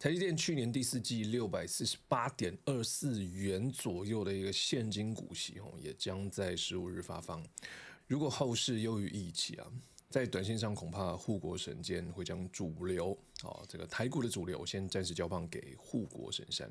台積電去年第四季六百四十八點二四元左右的一個現金股息哦，也將在十五日發放。如果後市優於預期啊，在短線上恐怕護國神劍會將主流。哦，這個台股的主流我先暫時交棒給護國神山。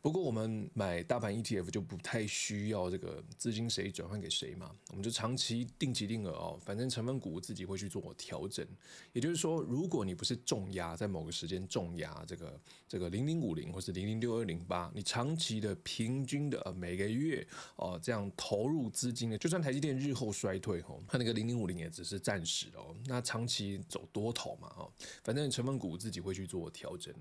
不過我們買大盤 ETF 就不太需要這個資金誰轉換給誰嘛，我們就長期定期定額哦，反正成分股自己會去做調整。也就是說，如果你不是重壓在某個時間重壓這個這個零零五零或是零零六二零八，你長期的平均的每個月哦這樣投入資金的，就算台積電日後衰退哦，它那個零零五零也只是暫時的哦。那長期走多頭嘛哦，反正成分股。我自己會去做調整。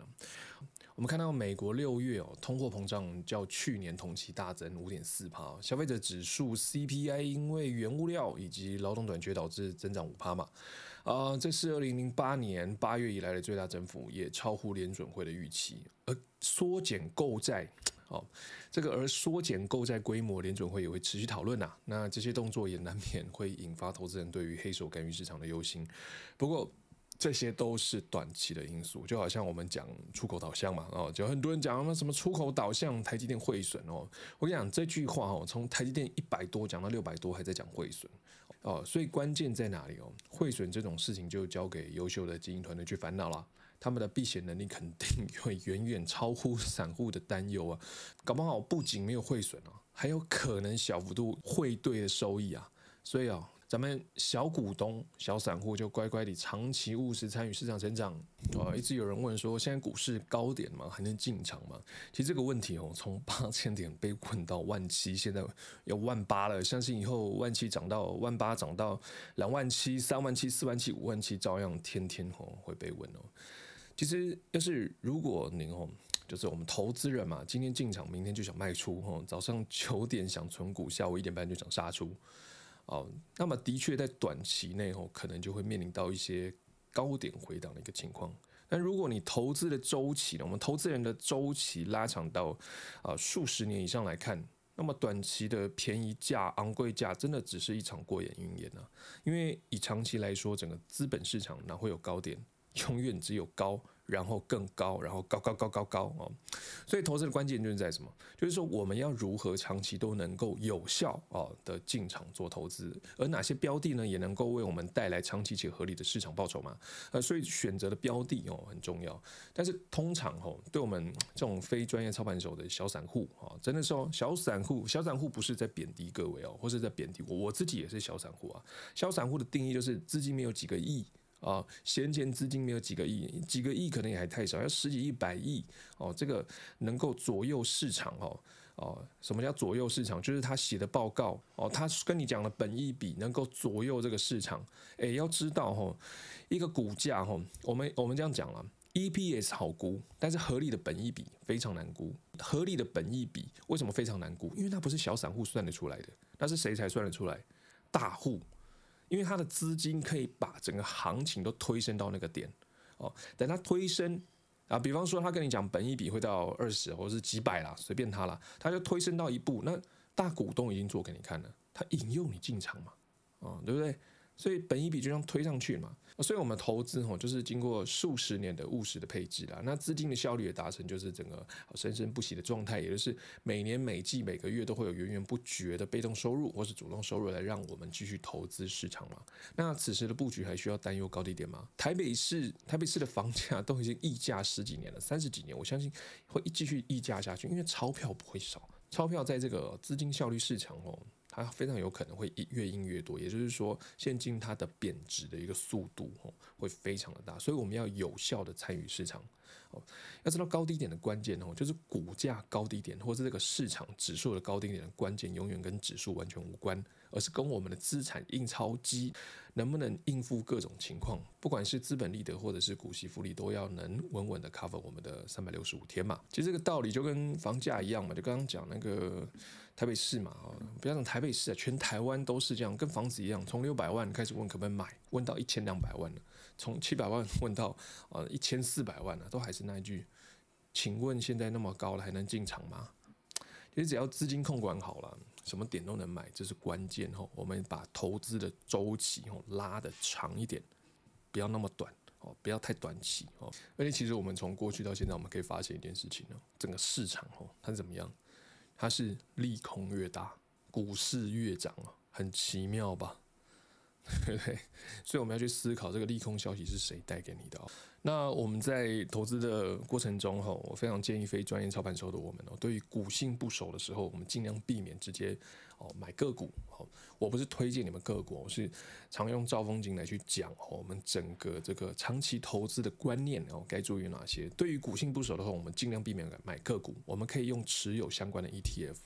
我們看到美國六月哦，通貨膨脹較去年同期大增五點四帕消費者指數 CPI 因為原物料以及勞動短缺導致增長五帕嘛，啊，這是二零零八年八月以來的最大增幅，也超乎聯準會的預期。而縮減購債，這個而縮減購債規模，聯準會也會持續討論吶、啊。那這些動作也難免會引發投資人對於黑手干預市場的憂心。不過，這些都是短期的因素，就好像我們講出口導向嘛，哦，就很多人講什麼出口導向，台積電匯損哦，我跟你講這句話哦，從台積電一百多講到六百多，還在講匯損哦，所以關鍵在哪裡哦？匯損這種事情就交給優秀的精英團隊去煩惱了，他們的避險能力肯定會遠遠超乎散戶的擔憂啊，搞不好不僅沒有匯損哦，還有可能小幅度匯兌的收益啊，所以哦……咱們小股東、小散戶就乖乖地長期務實參與市場成長。啊、嗯，喔、一直有人問說，現在股市高點嘛？還能進場嗎？其實這個問題哦、喔，從八千點被問到萬七，現在要萬八了。相信以後萬七漲到萬八，漲到兩萬七、三萬七、四萬七、五萬七，照樣天天哦、喔、會被問哦、喔。其實，要是如果您哦，就是我們投資人嘛，今天進場，明天就想賣出哦。早上九點想存股，下午一點半就想殺出。好、哦，那麼的確在短期內哦，可能就會面臨到一些高點回檔的一個情況。但如果你投資的週期呢，我們投資人的週期拉長到啊、哦、數十年以上來看，那麼短期的便宜價、昂貴價，真的只是一場過眼雲煙啊！因為以長期來說，整個資本市場哪會有高點？永遠只有高。然後更高，然後高高高高高哦，所以投資的關鍵就是在什麼？就是說我們要如何長期都能夠有效啊的進場做投資，而哪些標的呢也能夠為我們帶來長期且合理的市場報酬嗎？呃，所以選擇的標的哦很重要。但是通常哦，對我們這種非專業操盤手的小散戶啊，真的說小散戶小散戶不是在貶低各位哦，或是在貶低我，我自己也是小散戶啊。小散戶的定義就是資金沒有幾個億。啊，閒錢資金沒有幾個億，幾個億可能也還太少，要十幾億、百億哦，這個能夠左右市場哦哦，什麼叫左右市場？就是他寫的報告哦，他跟你講的本益比能夠左右這個市場。誒、欸，要知道哦，一個股價哦，我們我們這樣講了，EPS 好估，但是合理的本益比非常難估。合理的本益比為什麼非常難估？因為它不是小散戶算得出來的，那是誰才算得出來？大戶。因為他的資金可以把整個行情都推升到那個點，哦，等他推升，啊，比方說他跟你講本益比會到二十或者是幾百啦，隨便他啦，他就推升到一步，那大股東已經做給你看了，他引誘你進場嘛，啊、哦，對不對？所以本一筆就這樣推上去嘛，所以我們投資吼，就是經過數十年的務實的配置啦，那資金的效率也達成，就是整個生生不息的狀態，也就是每年、每季、每個月都會有源源不絕的被動收入或是主動收入來讓我們繼續投資市場嘛。那此時的布局還需要擔憂高低點嗎？台北市，台北市的房價都已經溢價十幾年了，三十幾年，我相信會繼續溢價下去，因為鈔票不會少，鈔票在這個資金效率市場吼。它非常有可能會越印越多，也就是說，現金它的貶值的一個速度會非常的大，所以我們要有效的參與市場哦。要知道高低點的關鍵哦，就是股價高低點，或是這個市場指數的高低點的關鍵，永遠跟指數完全無關。而是跟我們的資產印鈔機能不能應付各種情況，不管是資本利得或者是股息複利，都要能穩穩的 cover 我們的三百六十五天嘛。其實這個道理就跟房價一樣嘛，就剛剛講那個台北市嘛，啊，不要講台北市啊，全台灣都是這樣，跟房子一樣，從六百萬開始問可不可以買，問到一千兩百萬了，從七百萬問到呃一千四百萬了，都還是那一句，請問現在那麼高了還能進場嗎？其實只要資金控管好了。什麼點都能買，這是關鍵吼。我們把投資的週期吼拉得長一點，不要那麼短哦，不要太短期哦。而且其實我們從過去到現在，我們可以發現一件事情呢，整個市場吼它是怎麼樣？它是利空越大，股市越漲，很奇妙吧，對不對？所以我們要去思考這個利空消息是誰帶給你的。那我們在投資的過程中，哈，我非常建議非專業操盤手的我們哦，對於股性不熟的時候，我們盡量避免直接哦買個股。哦，我不是推薦你們個股，我是常用兆豐金來去講我們整個這個長期投資的觀念，然後該注意哪些？對於股性不熟的話，我們盡量避免買個股。我們可以用持有相關的 ETF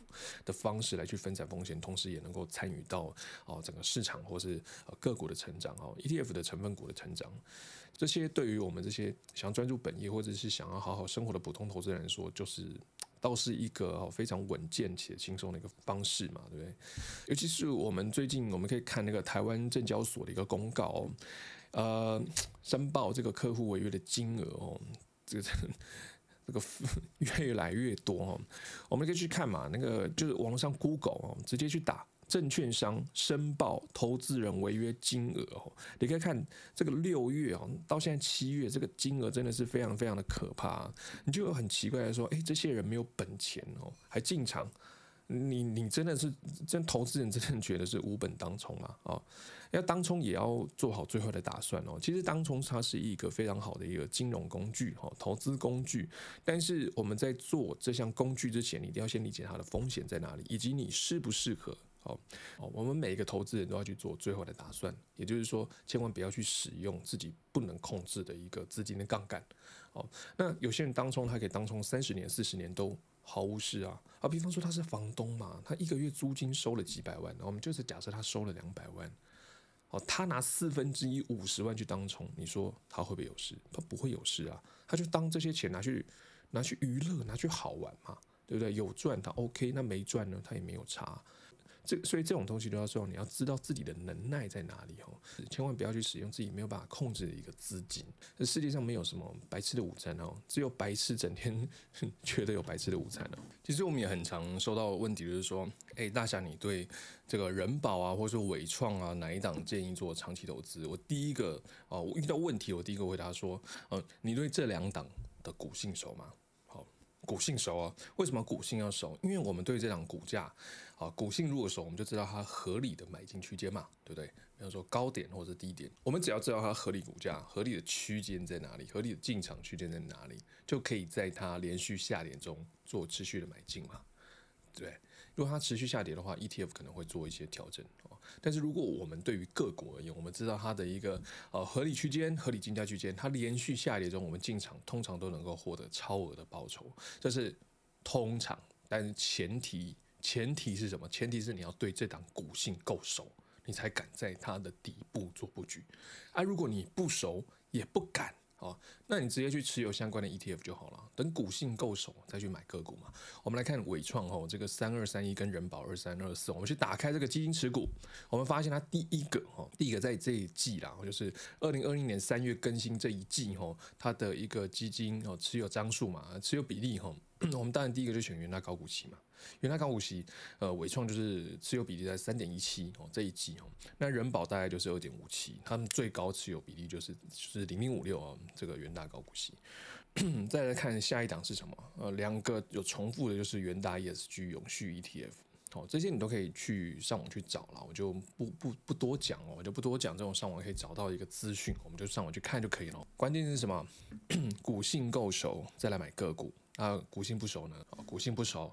的方式來去分散風險，同時也能夠參與到哦整個市場或是個股的成長哦，ETF 的成分股的成長。這些對於我們這些想專注本業或者是想要好好生活的普通投資人來說，就是倒是一個非常穩健且輕鬆的一個方式嘛，對不對？尤其是我們最近，我們可以看那個台灣證交所的一個公告哦，呃，申報這個客戶違約的金額哦，這個這個越來越多哦，我們可以去看嘛，那個就是網絡上 Google 哦，直接去打。證券商申報投資人違約金額哦，你可以看這個六月哦，到現在七月這個金額真的是非常非常的可怕。你就很奇怪的說，誒，這些人沒有本錢哦，還進場，你你真的是，真投資人真的覺得是無本當沖啊。啊，要當沖也要做好最壞的打算哦。其實當沖它是一個非常好的一個金融工具哦，投資工具。但是我們在做這項工具之前，你一定要先理解它的風險在哪裡，以及你適不適合。哦，我們每一個投資人都要去做最後的打算，也就是說，千萬不要去使用自己不能控制的一個資金的槓桿。哦，那有些人當沖，他可以當沖三十年、四十年都毫無事啊。啊，比方說他是房東嘛，他一個月租金收了幾百萬，我們就是假設他收了兩百萬。哦，他拿四分之一五十萬去當沖，你說他會不會有事？他不會有事啊，他就當這些錢拿去拿去娛樂，拿去好玩嘛，對不對？有賺他 OK，那沒賺呢，他也沒有差。這所以這種東西都要說，你要知道自己的能耐在哪裡哦，千萬不要去使用自己沒有辦法控制的一個資金。這世界上沒有什麼白吃的午餐哦，只有白吃。整天覺得有白吃的午餐哦，其實我們也很常收到問題，就是說，誒、欸，大俠你對這個仁寶啊，或者說緯創啊，哪一檔建議做長期投資？我第一個哦，我遇到問題，我第一個回答說，嗯、呃，你對這兩檔的股性熟嗎？好、哦，股性熟哦、啊。為什麼股性要熟？因為我們對這檔股價。啊，股性入手，我們就知道它合理的買進區間嘛，對不對？比如說高點或者低點，我們只要知道它合理股價、合理的區間在哪裡，合理的進場區間在哪裡，就可以在它連續下跌中做持續的買進嘛，對不對？如果它持續下跌的話，ETF 可能會做一些調整啊。但是如果我們對於個股而言，我們知道它的一個呃合理區間、合理進價區間，它連續下跌中，我們進場通常都能夠獲得超額的報酬，這是通常，但是前提。前提是什麼？前提是你要對這檔股性夠熟，你才敢在它的底部做布局。啊，如果你不熟也不敢哦，那你直接去持有相關的 ETF 就好了。等股性夠熟再去買個股嘛。我們來看緯創吼，這個三二三一跟仁寶二三二四，我們去打開這個基金持股，我們發現它第一個吼，第一個在這一季啦，就是二零二零年三月更新這一季吼，它的一個基金哦持有張數嘛，持有比例吼， 我們當然第一個就選元大高股息嘛，元大高股息，呃，緯創就是持有比例在三點一七哦，這一季哦，那仁寶大概就是二點五七，他們最高持有比例就是就是零零五六哦，這個元大高股息。 再來看下一檔是什麼？呃，兩個有重複的就是元大 ESG 永續 ETF，哦，這些你都可以去上網去找啦，我就不不不多講哦，我就不多講，這種上網可以找到一個資訊，我們就上網去看就可以了。關鍵是什麼？ 股性夠熟，再來買個股。啊，那股性不熟呢，股性不熟，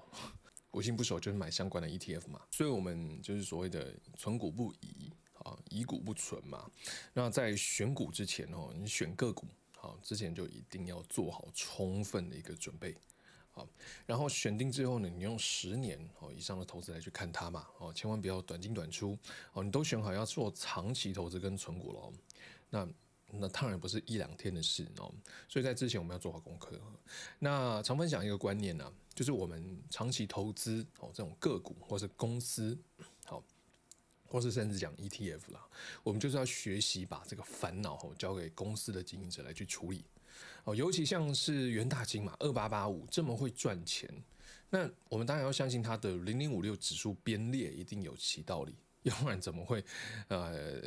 股性不熟就是買相關的 ETF 嘛。所以我們就是所謂的存股不移啊，移股不存嘛。那在選股之前哦，你選個股好之前就一定要做好充分的一個準備，好。然後選定之後呢，你用十年哦以上的投資來去看它嘛，哦，千萬不要短進短出，哦，你都選好要做長期投資跟存股嘍。那那當然不是一兩天的事哦，所以在之前我們要做好功課。那常分享一個觀念呢、啊，就是我們長期投資哦，這種個股或是公司，好，或是甚至講 ETF 啦，我們就是要學習把這個煩惱哦交給公司的經營者來去處理哦。尤其像是元大金嘛，二八八五這麼會賺錢，那我們當然要相信它的零零五六指數編列一定有其道理。要不然怎麼會，呃，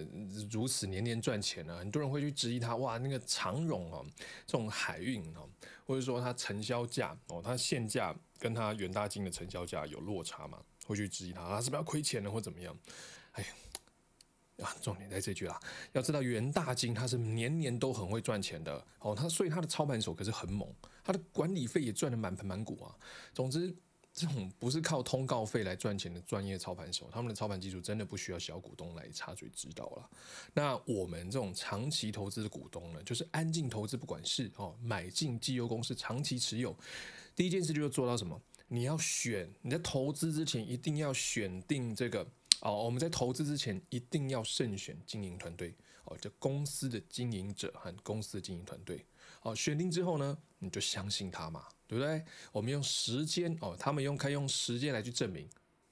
如此年年賺錢呢？很多人會去質疑他，哇，那個長榮哦、喔，這種海運哦、喔，或者說它成交價哦，它、喔、現價跟它元大金的成交價有落差嘛？會去質疑他，他是不是要虧錢呢？或怎麼樣？哎呀，啊，重點在這句啦，要知道元大金它是年年都很會賺錢的哦，它、喔、所以它的操盤手可是很猛，它的管理費也賺得滿盆滿谷啊。總之。這種不是靠通告費來賺錢的專業操盤手，他們的操盤技術真的不需要小股東來插嘴指導了。那我們這種長期投資的股東呢，就是安靜投資，不管事哦。買進績優公司，長期持有，第一件事就是做到什麼？你要選，你在投資之前一定要選定這個哦。我們在投資之前一定要慎選經營團隊哦，這公司的經營者和公司的經營團隊哦，選定之後呢，你就相信他嘛。對不對？我們用時間哦，他們用可以用時間來去證明，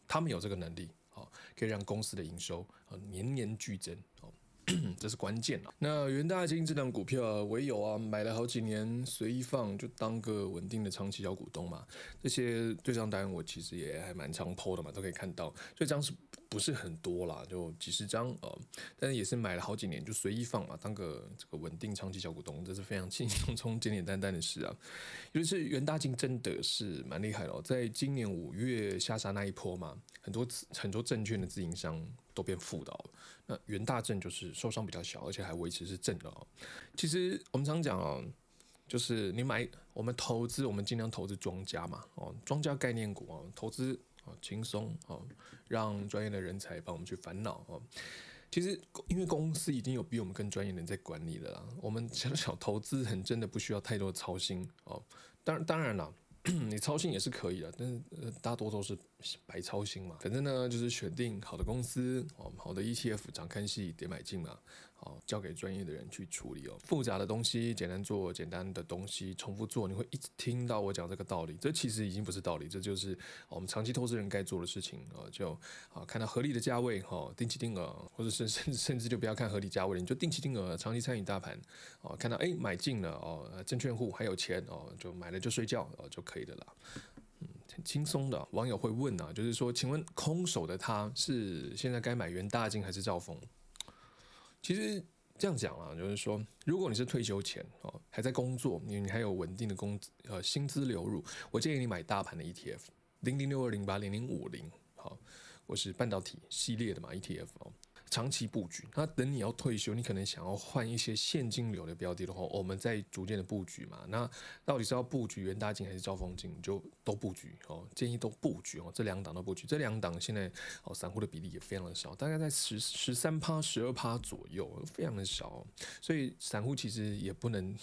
他們有這個能力哦，可以讓公司的營收啊、哦、年年俱增哦， 這是關鍵了、啊。那元大金這檔股票、啊，我也有啊買了好幾年，隨意放就當個穩定的長期小股東嘛。這些對賬單我其實也還蠻常 po 的嘛，都可以看到，所以當時。不是很多啦，就幾十張呃，但是也是買了好幾年，就隨意放嘛，當個這個穩定長期小股東，這是非常輕輕鬆鬆、簡簡單，單單的事啊。尤其是元大金真的是蠻厲害嘍、哦，在今年五月下殺那一波嘛，很多很多證券的自營商都變負的、哦，那元大正就是受傷比較小，而且還維持是正的、哦、其實我們常講哦，就是你買我們投資，我們盡量投資莊家嘛，哦，莊家概念股啊，投資。哦，輕鬆哦，讓專業的人才幫我們去煩惱哦。其實，因為公司已經有比我們更專業的人在管理了啦，我們小小投資人真的不需要太多的操心哦。當然當然了，你操心也是可以的，但是大多都是。白操心嘛，反正呢就是選定好的公司哦，好的 ETF 漲看戲，跌買進嘛，好，交給專業的人去處理哦。複雜的東西簡單做，簡單的東西重複做，你會一直聽到我講這個道理，這其實已經不是道理，這就是我們長期投資人該做的事情哦。就啊，看到合理的價位哦，定期定額，或者是甚至甚至就不要看合理價位了，你就定期定額長期參與大盤哦，看到哎、欸、買進了哦，證券戶還有錢哦，就買了就睡覺哦就可以的了。很輕鬆的，網友會問啊，就是說，請問空手的他是現在該買元大金還是兆豐？其實這樣講啊，就是說，如果你是退休前哦還在工作，你你還有穩定的工資呃薪資流入，我建議你買大盤的 ETF 零零六二零八零零五零好，或是半導體系列的嘛 ETF 哦。長期布局，那等你要退休，你可能想要換一些現金流的標的的話，我們再逐漸的布局嘛。那到底是要布局元大金還是兆豐金，就都布局哦。建議都布局哦，這兩檔都布局。這兩檔現在哦，散戶的比例也非常的少，大概在十十三趴、十二趴左右，非常的少。所以散戶其實也不能，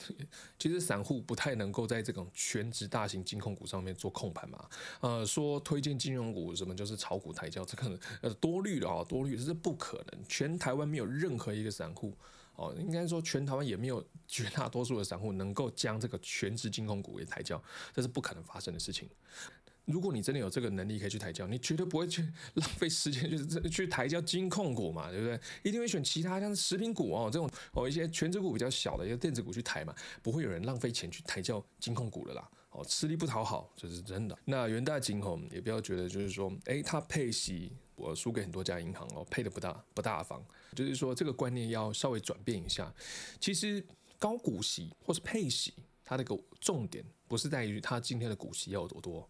其實散戶不太能夠在這種全職大型金控股上面做控盤嘛。呃，說推薦金融股什麼就是炒股抬轎，這可、個、呃多慮了啊，多慮這是不可能。全台灣沒有任何一個散戶哦，應該說全台灣也沒有絕大多數的散戶能夠將這個權值金控股給抬轎，這是不可能發生的事情。如果你真的有這個能力可以去抬轎，你絕對不會去浪費時間就是去抬轎金控股嘛，對不對？一定會選其他像食品股哦這種哦一些權值股比較小的一個電子股去抬嘛，不會有人浪費錢去抬轎金控股的啦。哦，吃力不討好，這，就是真的。那元大金鴻也不要覺得就是說，哎，他配息我輸給很多家銀行哦，配得不大不大方，就是說這個觀念要稍微轉變一下。其實高股息或是配息，它的一個重點不是在於它今天的股息要有多多，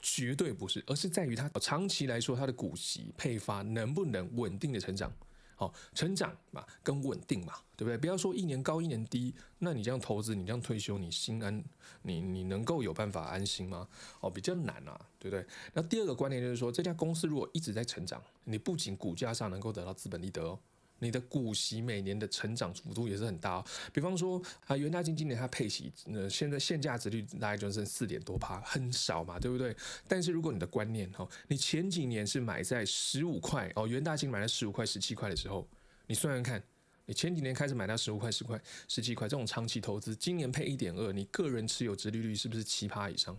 絕對不是，而是在於它長期來說，它的股息配發能不能穩定的成長。好，成長嘛，跟穩定嘛，對不對？不要說一年高一年低，那你這樣投資，你這樣退休，你心安，你你能夠有辦法安心嗎？哦，比較難啊，對不對？那第二個觀念就是說，這家公司如果一直在成長，你不僅股價上能夠得到資本利得哦。你的股息每年的成長幅度也是很大哦，比方說啊，元大金今年它配息，那現在現價殖利率大概就是四點多趴，很少嘛，對不對？但是如果你的觀念哦，你前幾年是買在十五塊哦，元大金買了十五塊、十七塊的時候，你算算看，你前幾年開始買到十五塊、十塊、十七塊這種長期投資，今年配一點二，你個人持有殖利率是不是七趴以上？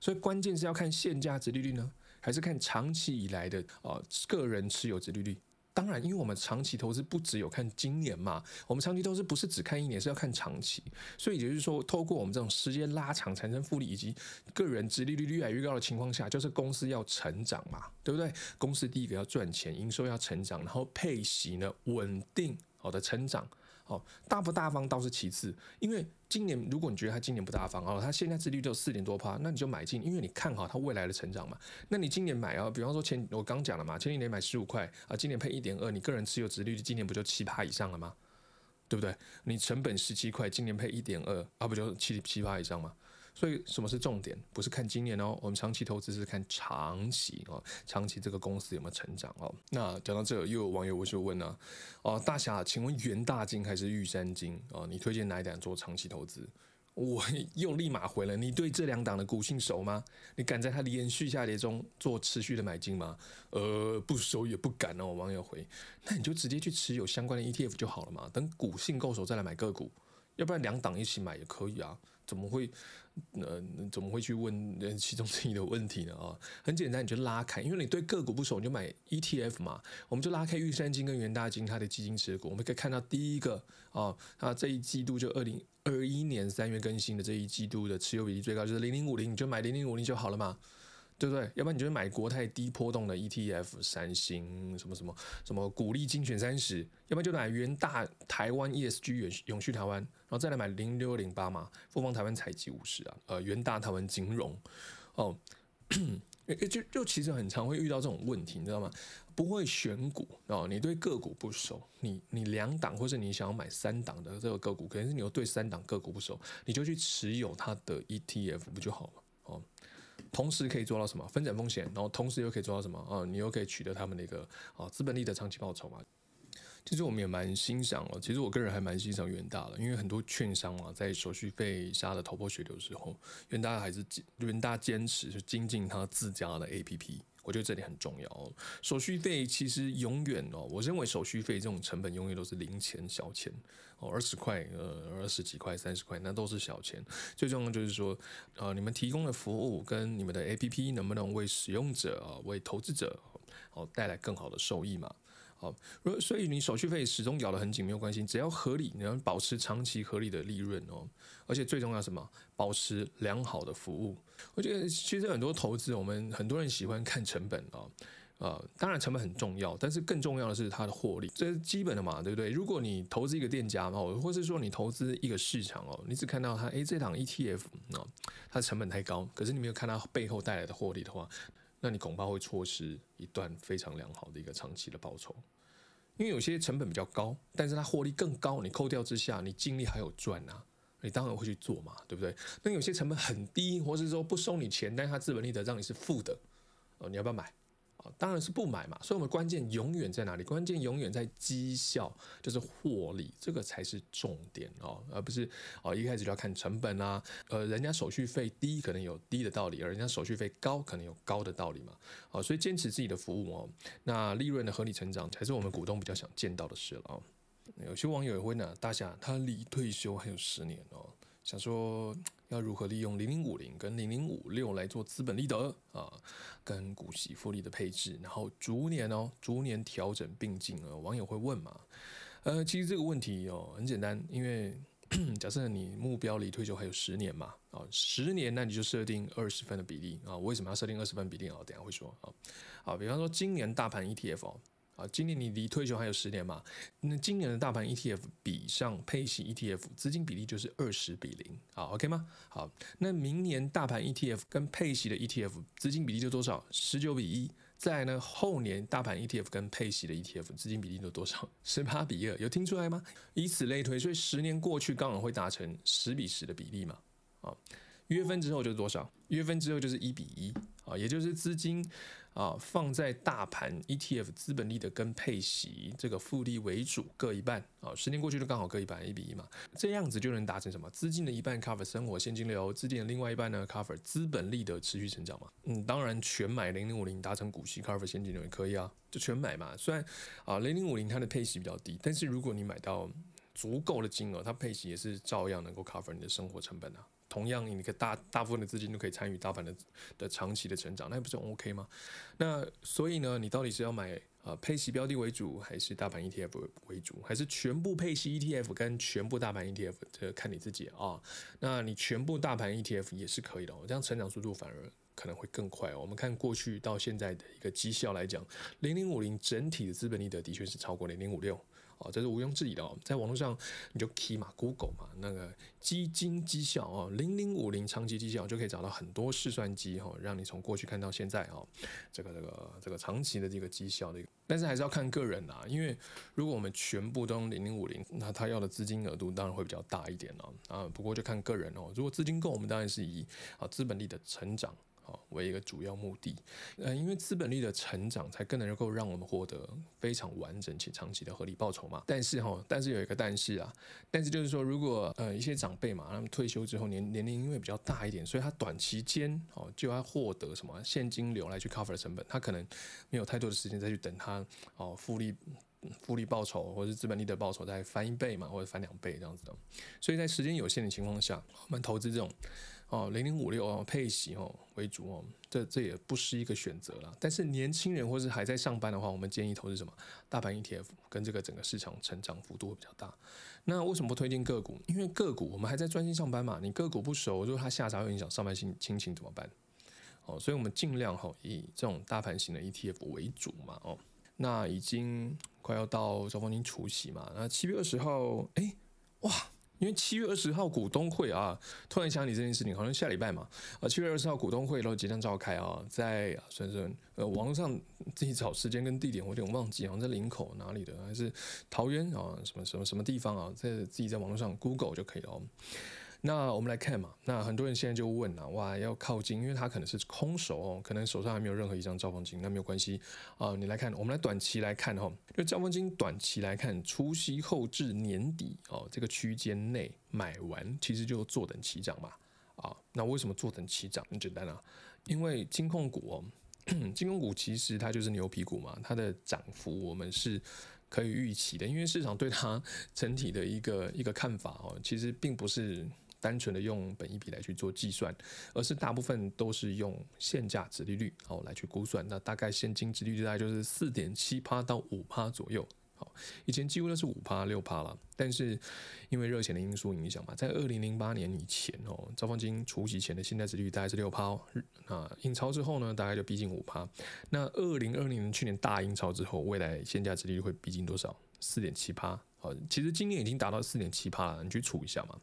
所以關鍵是要看現價殖利率呢，還是看長期以來的啊個人持有殖利率？當然，因為我們長期投資不只有看今年嘛，我們長期投資不是只看一年，是要看長期。所以也就是說，透過我們這種時間拉長產生複利，以及個人殖利率越來越高的情況下，就是公司要成長嘛，對不對？公司第一個要賺錢，營收要成長，然後配息呢，穩定好的成長。哦，大不大方倒是其次，因為今年如果你覺得他今年不大方哦，他現在殖利率就四點多趴，那你就買進，因為你看好他未來的成長嘛。那你今年買啊，比方說前我剛講了嘛，前一年買十五塊啊，今年配一點二，你個人持有殖利率今年不就七趴以上了嗎？對不對？你成本十七塊，今年配一點二啊，不就七七趴以上嗎？所以什麼是重點？不是看今年哦，我們長期投資是看長期哦，長期這個公司有沒有成長哦？那講到這，又有網友會說：“問呢？哦，大俠，請問元大金還是玉山金？哦，你推薦哪一檔做長期投資？”我又立馬回了：“你對這兩檔的股性熟嗎？你敢在它連續下跌中做持續的買進嗎？”呃，不熟也不敢哦。網友回：“那你就直接去持有相關的 ETF 就好了嘛，等股性夠手再來買個股，要不然兩檔一起買也可以啊，怎麼會？”呃，怎麼會去問其中之一的問題呢？啊，很簡單，你就拉開，因為你對個股不熟，你就買 ETF 嘛。我們就拉開玉山金跟元大金，它的基金持股，我們可以看到第一個啊、哦，它這一季度就二零二一年三月更新的這一季度的持有比例最高就是零零五零，你就買零零五零就好了嘛。對不對？要不然你就買國泰低波動的 ETF，三星什麼什麼什麼股利精選三十，要不然就買元大台灣 ESG 永永續台灣，然後再來買零六零八嘛，富邦台灣采吉五十啊，呃元大台灣金融哦，就就其實很常會遇到這種問題，你知道嗎？不會選股哦，你對個股不熟，你你兩檔或是你想要買三檔的這個個股，可能是你又對三檔個股不熟，你就去持有它的 ETF 不就好了？同時可以做到什麼？分散風險，然後同時又可以做到什麼？啊、嗯，你又可以取得他們的一個啊資本利得的長期報酬嘛。其實我們也蠻欣賞哦。其實我個人還蠻欣賞元大的，因為很多券商啊，在手續費殺得頭破血流的時候，元大還是元大堅持就精進他自家的 APP。我覺得這點很重要哦。手續費其實永遠哦，我認為手續費這種成本永遠都是零錢小錢。哦，二十塊，呃、嗯，二十幾塊，三十塊，那都是小錢。最重要就是說，呃，你們提供的服務跟你們的 APP 能不能為使用者啊，為投資者帶來更好的收益嘛？哦，所以你手續費始終咬得很緊，沒有關係，只要合理，你能保持長期合理的利潤哦。而且最重要是什麼？保持良好的服務。我覺得其實很多投資，我們很多人喜歡看成本啊。呃，當然成本很重要，但是更重要的是它的獲利，這是基本的嘛，對不對？如果你投資一個店家嘛，或是說你投資一個市場哦，你只看到它，哎，這檔 ETF 哦、呃，它的成本太高，可是你沒有看到它背後帶來的獲利的話，那你恐怕會錯失一段非常良好的一個長期的報酬。因為有些成本比較高，但是它獲利更高，你扣掉之下，你淨利還有賺吶、啊。你當然會去做嘛，對不對？那有些成本很低，或是說不收你錢，但是它資本利得讓你是負的，哦、呃，你要不要買？當然是不買嘛，所以我們關鍵永遠在哪裡？關鍵永遠在績效，就是獲利，這個才是重點哦，而不是哦一開始就要看成本啊，呃，人家手續費低可能有低的道理，而人家手續費高可能有高的道理嘛。哦，所以堅持自己的服務哦，那利潤的合理成長才是我們股東比較想見到的事了哦。有些網友也會呢，大俠他離退休還有十年哦，想說。要如何利用零零五零跟零零五六來做資本利得啊，跟股息複利的配置，然後逐年哦逐年調整並進啊。網友會問嘛？呃，其實這個問題哦很簡單，因為假設你目標離退休還有十年嘛，啊十年，那你就設定二十分的比例啊。為什麼要設定二十分的比例啊？等一下會說啊。啊，比方說今年大盤 ETF 哦。啊，今年你離退休還有十年嘛？那今年的大盤 ETF 比上配息 ETF 資金比例就是二十比零，好，OK 嗎？好，那明年大盤 ETF 跟配息的 ETF 資金比例就多少？十九比一。再呢後年大盤 ETF 跟配息的 ETF 資金比例就多少？十八比二。有聽出來嗎？以此類推，所以十年過去剛好會達成十比十的比例嘛？啊，約分之後就是多少？約分之後就是一比一，啊，也就是資金。啊、哦，放在大盤 ETF 資本利得跟配息這個複利為主，各一半啊、哦，十年過去就剛好各一半，一比一嘛，這樣子就能達成什麼？資金的一半 cover 生活現金流，資金的另外一半呢 cover 資本利得持續成長嘛。嗯，當然全買零零五零達成股息 cover 現金流也可以啊，就全買嘛。雖然啊零零五零它的配息比較低，但是如果你買到足夠的金額，它配息也是照樣能夠 cover 你的生活成本啊。同樣，你個大大部分的資金都可以參與大盤的的長期的成長，那不是 OK 嗎？那所以呢，你到底是要買呃配息標的為主，還是大盤 ETF 為主，還是全部配息 ETF 跟全部大盤 ETF？這個看你自己啊、哦。那你全部大盤 ETF 也是可以的、哦，這樣成長速度反而可能會更快、哦。我們看過去到現在的一個績效來講，零零五零整體的資本利得的確是超過零零五六。哦，這是毋庸置疑的哦，在網絡上你就 Key 嘛，Google 嘛，那個基金績效哦，零零五零長期績效就可以找到很多試算機哈，讓你從過去看到現在哦，這個這個這個長期的這個績效的，但是還是要看個人啊，因為如果我們全部都用零零五零，那他要的資金額度當然會比較大一點了啊，不過就看個人哦，如果資金夠，我們當然是以啊資本利得成長。為一個主要目的，呃，因為資本力的成長才更能夠讓我們獲得非常完整且長期的合理報酬嘛。但是哈、哦，但是有一個但是啊，但是就是說，如果呃一些長輩嘛，他們退休之後年年齡因為比較大一點，所以他短期間哦就要獲得什麼現金流來去 cover 的成本，他可能沒有太多的時間再去等他哦複利複利報酬或是資本利得的報酬再翻一倍嘛，或者翻兩倍這樣子的。所以在時間有限的情況下，我們投資這種。哦，零零五六哦，配息哦為主哦，這這也不是一個選擇啦，但是年輕人或是還在上班的話，我們建議投資什麼？大盤 ETF 跟這個整個市場成長幅度會比較大。那為什麼不推薦個股？因為個股我們還在專心上班嘛，你個股不熟，如果它下砸會影響上班心心情怎麼辦？哦，所以我們盡量哦以這種大盤型的 ETF 為主嘛哦。那已經快要到兆豐金除息嘛，那七月二十號，哎，哇！因為七月二十號股東會啊，突然想起這件事情，好像下禮拜嘛，啊、呃、七月二十號股東會然後即將召開啊，在算算呃網絡上自己找時間跟地點，我有點忘記啊，好像在林口哪裡的還是桃園啊什麼什麼什麼地方啊，在自己在網絡上 Google 就可以了。那我們來看嘛，那很多人現在就問了、啊，哇，要靠近，因為他可能是空手哦，可能手上還沒有任何一張兆豐金，那沒有關係啊、呃。你來看，我們來短期來看哈、哦，因為兆豐金短期來看，除息後至年底哦，這個區間內買完，其實就坐等起漲嘛。啊、哦，那為什麼坐等起漲？很簡單啊，因為金控股哦，金控股其實它就是牛皮股嘛，它的漲幅我們是可以預期的，因為市場對它整體的一個一個看法哦，其實並不是。單純的用本益比來去做計算，而是大部分都是用現價殖利率哦來去估算。那大概現金殖利率大概就是四點七趴到五趴左右。好，以前幾乎都是五趴、六趴了，但是因為熱錢的因素影響嘛，在二零零八年以前哦，兆豐金除息前的現價殖利率大概是六趴哦，啊、喔，印鈔之後呢，大概就逼近五趴。那二零二零年去年大印鈔之後，未來現價殖利率會逼近多少？四點七趴。好，其實今年已經達到四點七趴了，你去處一下嘛。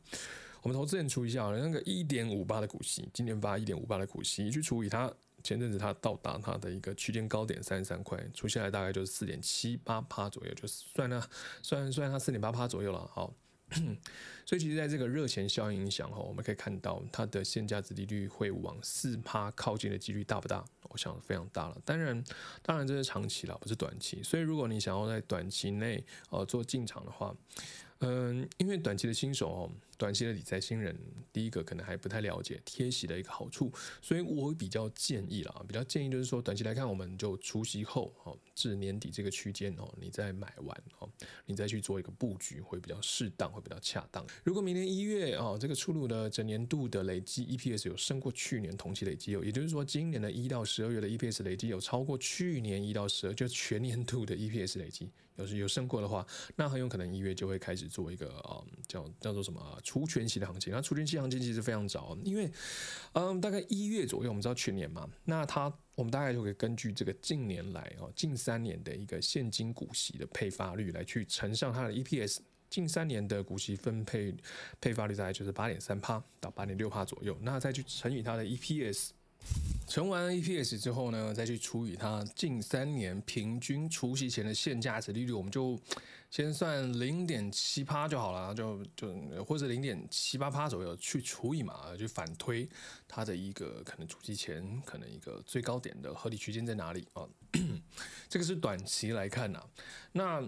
我們投資人除一下啊，那個一點五八的股息，今年發一點五八的股息，去除以它前陣子它到達它的一個區間高點三十三塊，除下來大概就是四點七八趴左右，就算了，算算它四點八趴左右了。哈。 所以其實在這個熱錢效應影響，我們可以看到它的現價殖利率會往四趴靠近的幾率大不大？我想非常大了。當然，當然這是長期了，不是短期。所以如果你想要在短期內呃做進場的話，嗯，因為短期的新手哦、喔。短期的理財新人，第一個可能還不太了解貼息的一個好處，所以我比較建議了，比較建議就是說，短期來看，我們就除息後哦，至年底這個區間哦，你再買完哦，你再去做一個布局會比較適當，會比較恰當。如果明年一月哦，這個出爐的整年度的累計 EPS 有勝過去年同期累計有，也就是說今年的一到十二月的 EPS 累計有超過去年一到十二就全年度的 EPS 累計要是有勝過的話，那很有可能一月就會開始做一個、呃、叫叫做什麼、啊除權息的行情，那除權息的行情其實非常早，因為，嗯，大概一月左右，我們知道去年嘛，那它我們大概就可以根據這個近年來哦，近三年的一個現金股息的配發率來去乘上它的 EPS，近三年的股息分配配發率大概就是八點三趴到八點六趴左右，那再去乘以它的 EPS。乘完 EPS 之後呢，再去除以它近三年平均除息前的現價殖利率，我們就先算零點七趴就好了，就就或者零點七八趴左右去除以嘛，就反推它的一個可能除息前可能一個最高點的合理區間在哪裡啊、哦？ 這個是短期來看吶、啊。那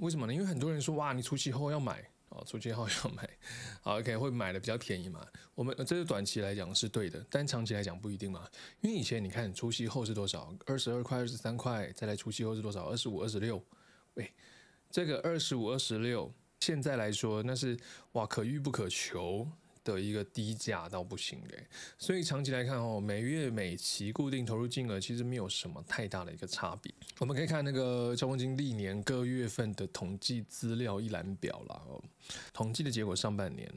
為什麼呢？因為很多人說哇，你除息後要買。哦，除息後要買，好，OK，會買的比較便宜嘛。我們這是短期來講是對的，但長期來講不一定嘛。因為以前你看除息後是多少？二十二塊、二十三塊，再來除息後是多少？二十五、二十六。喂，這個二十五、二十六，現在來說那是哇，可遇不可求。的一個低價倒不行嘞，所以長期來看哦、喔，每月每期固定投入金額其實沒有什麼太大的一個差別。我們可以看那個兆豐金歷年各月份的統計資料一覽表啦哦、喔，統計的結果，上半年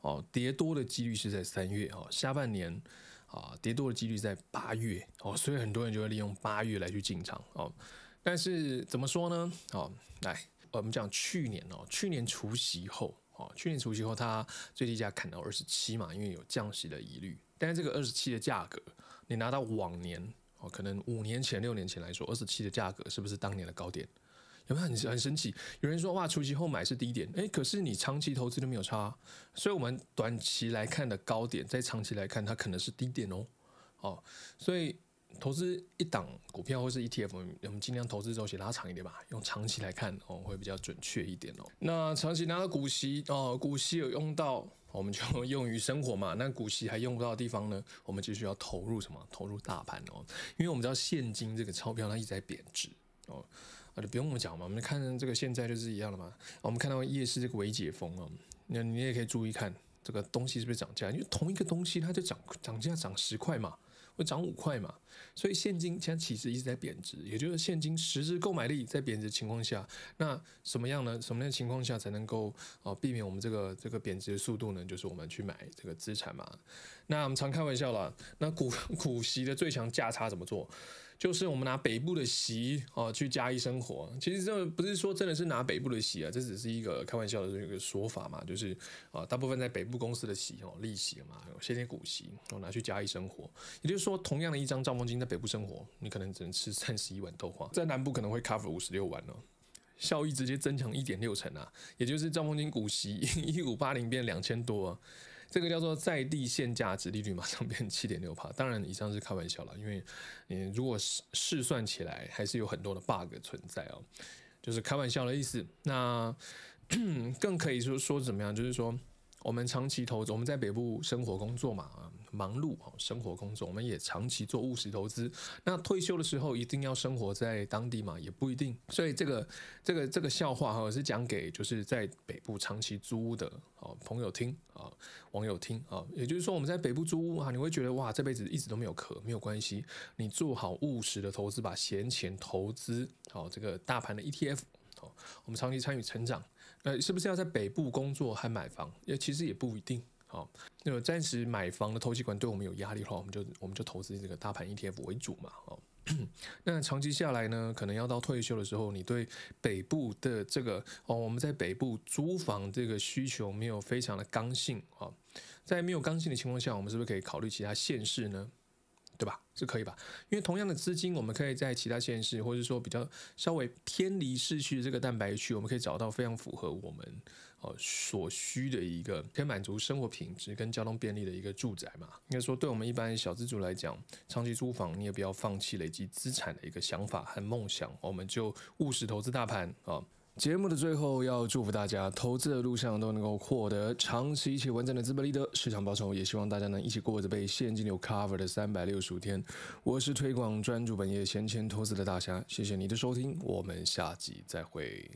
哦、喔、跌多的幾率是在三月哦、喔，下半年啊、喔、跌多的幾率在八月哦、喔，所以很多人就會利用八月來去進場哦、喔。但是怎麼說呢哦、喔，來我們講去年哦、喔，去年除夕後。哦，去年除夕後，它最低價砍到二十七嘛，因為有降息的疑慮。但是這個二十七的價格，你拿到往年哦，可能五年前、六年前來說，二十七的價格是不是當年的高點？有沒有很很神奇？有人說哇，除夕後買是低點，誒、欸。可是你長期投資都沒有差。所以我們短期來看的高點，在長期來看，它可能是低點哦、喔。哦，所以。投資一檔股票或是 ETF，我們儘量投資週期拉長一點吧，用長期來看哦，會比較準確一點哦。那長期拿到股息哦，股息有用到，我們就用於生活嘛。那股息還用不到的地方呢，我們就需要投入什麼？投入大盤哦，因為我們知道現金這個鈔票它一直在貶值哦，啊，就不用我們講嘛，我們看這個現在就是一樣的嘛。我們看到夜市這個微解封哦，那你也可以注意看這個東西是不是漲價，因為同一個東西它就漲漲價漲十塊嘛。會漲五塊嘛。所以現金現在其實一直在貶值，也就是現金實質購買力在貶值的情況下，那什麼樣呢？什麼樣的情況下才能夠啊避免我們這個這個貶值的速度呢？就是我們去買這個資產嘛。那我們常開玩笑了，那股股息的最強價差怎麼做？就是我們拿北部的息哦、呃、去嘉義生活，啊，其實這不是說真的是拿北部的息啊，這只是一個開玩笑的一個說法嘛，就是啊、呃，大部分在北部公司的息哦利息嘛，有些在股息，我、哦、拿去嘉義生活，也就是說，同樣的一張兆豐金在北部生活，你可能只能吃三十一碗豆花，在南部可能會 cover 五十六碗哦，效益直接增強一點六成啊，也就是兆豐金股息一五八零變兩千多，啊。這個叫做在地現價殖利率馬上變七點六趴，當然以上是開玩笑了，因為你如果試試算起來還是有很多的 bug 存在哦，就是開玩笑的意思。那更可以說說怎麼樣，就是說我們長期投資，我們在北部生活工作嘛啊。忙碌啊，生活工作，我們也長期做務實投資。那退休的時候一定要生活在當地嘛？也不一定。所以這個這個這個笑話哈，是講給就是在北部長期租屋的啊朋友聽啊，網友聽啊。也就是說，我們在北部租屋哈，你會覺得哇，這輩子一直都沒有殼，沒有關係。你做好務實的投資，把閒錢投資好這個大盤的 ETF，好，我們長期參與成長。呃，是不是要在北部工作還買房？也其實也不一定。好，那哦，暫時買房的頭期款對我們有壓力的話，我們就我們就投資這個大盤 ETF 為主嘛。好，哦，那長期下來呢，可能要到退休的時候，你對北部的這個哦，我們在北部租房這個需求沒有非常的剛性啊，哦。在沒有剛性的情況下，我們是不是可以考慮其他縣市呢？對吧？是可以吧？因為同樣的資金，我們可以在其他縣市，或者說比較稍微偏離市區這個蛋白區，我們可以找到非常符合我們。呃，所需的一個可以滿足生活品質跟交通便利的一個住宅嘛。應該說，對我們一般小資族來講，長期租房你也不要放棄累積資產的一個想法和夢想。我們就務實投資大盤啊。節目的最後要祝福大家，投資的路上都能夠獲得長期且完整的資本利得、市場報酬，也希望大家能一起過着被現金流 cover 的三百六十五天。我是推廣專注本業閒錢投資的大俠，謝謝你的收聽，我們下集再會。